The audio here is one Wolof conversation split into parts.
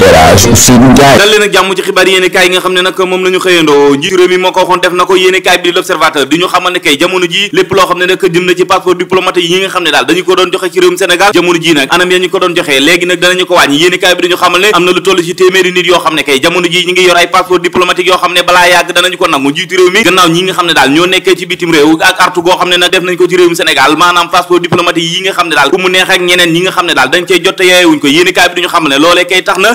Elhadji Ousseynou Ndiaye dal leen ak jàmm ci xibaar loo xam ne nag jëm na ci passeport diplomatique yi nga xam ne daal dañu ko doon joxe na lu ne kay jamono ji ñi ngi maanaam passeport diplomatique yi nga xam ne daal ku mu neex ak ñeneen ñi nga xam ne daal dañ cey jot te yaayewuñ ko kaay bi dañu xamal ne loolee kay tax na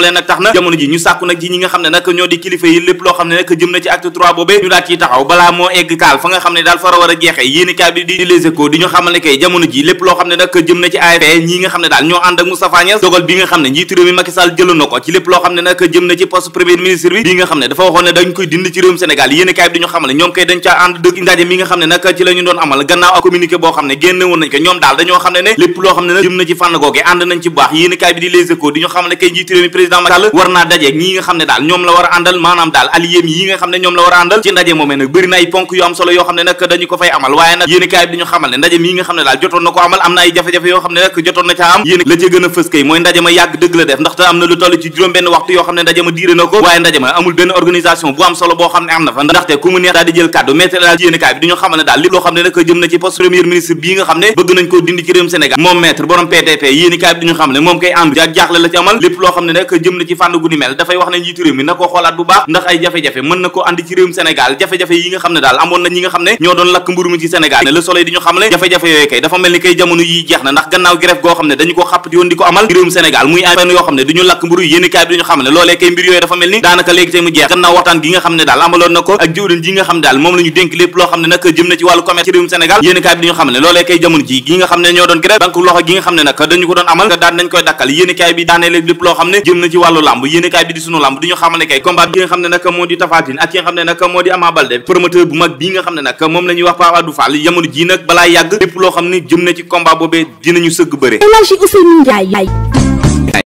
loolee nag tax na jamono ji ñu sàkku nag ji ñi nga xam ne nag ñoo di kilifa yi lépp loo xam ne nag jëm ne ci AFP premier ministre bi nga xam ne dafa waxoon ne dañ koy dind ci réewum Sénégal yéeni kaay bi di ñu xamal ne ñoom ci la doon amal gannaaw ak communiqué boo xam ne génne nañ ko ñoom daal dañoo xam ne ne lépp loo xam ne nag jëm na ci fànn ànd nañ ci baax yéeni kaay bi di ñu xamal ne kay njiitu réew mi président war naa daje maanaam daal aliyéem yi nga xam ne ñoom la war a ci ndaje moomee nag bëri na ay bi dañu xamal ne ndaje mi nga xam ne daal jotoon amal am na xam ne nag a fës kay mooy ndaje ma yàgg dëgg la def ndaxte am na lu toll ci juróom benn waxtu yoo xam ne ndaje ma ko waaye ndaje ma amul benn organisation xam ne am na fa ndaxte ci poste ministre bii nga xam ne bëgg nañ koo dindi ci réewum Sénégal moom maître xam ne moom kay ànd jaak daanaka jëm na ci fànn gu ni mel dafay wax ne njiitu réew mi na ko xoolaat bu baax ndax ay jafe-jafe mën na ko ànd ci réewum Sénégal jafe-jafe yi nga xam ne daal amoon mi na ko xàppati woon di ko ay yoo xam mu ne na ko ak ne ci wàllu commerce ci réewum Sénégal yéen kaay bi duñu xam ne loolee kay jamono ji gi nga xam ne ñoo doon grève banque loxo gi nga xam ne nag dañu ko doon amal daan nañ koy dakkal yéen bi daanee lépp loo xam ne na ci wàllu làmb yéenekaay bi di sunu làmb di ñu xamal kay combat bi nga xam ne nag moo di Tapha ak ki xam ne nag moo di Ama Baldé promoteur bu mag bii nga xam ne nag moom la ñuy wax Pape Abdou Fall ji nag balaa yàgg lépp loo xam ne jëm na ci combat boobee dinañu sëgg bëre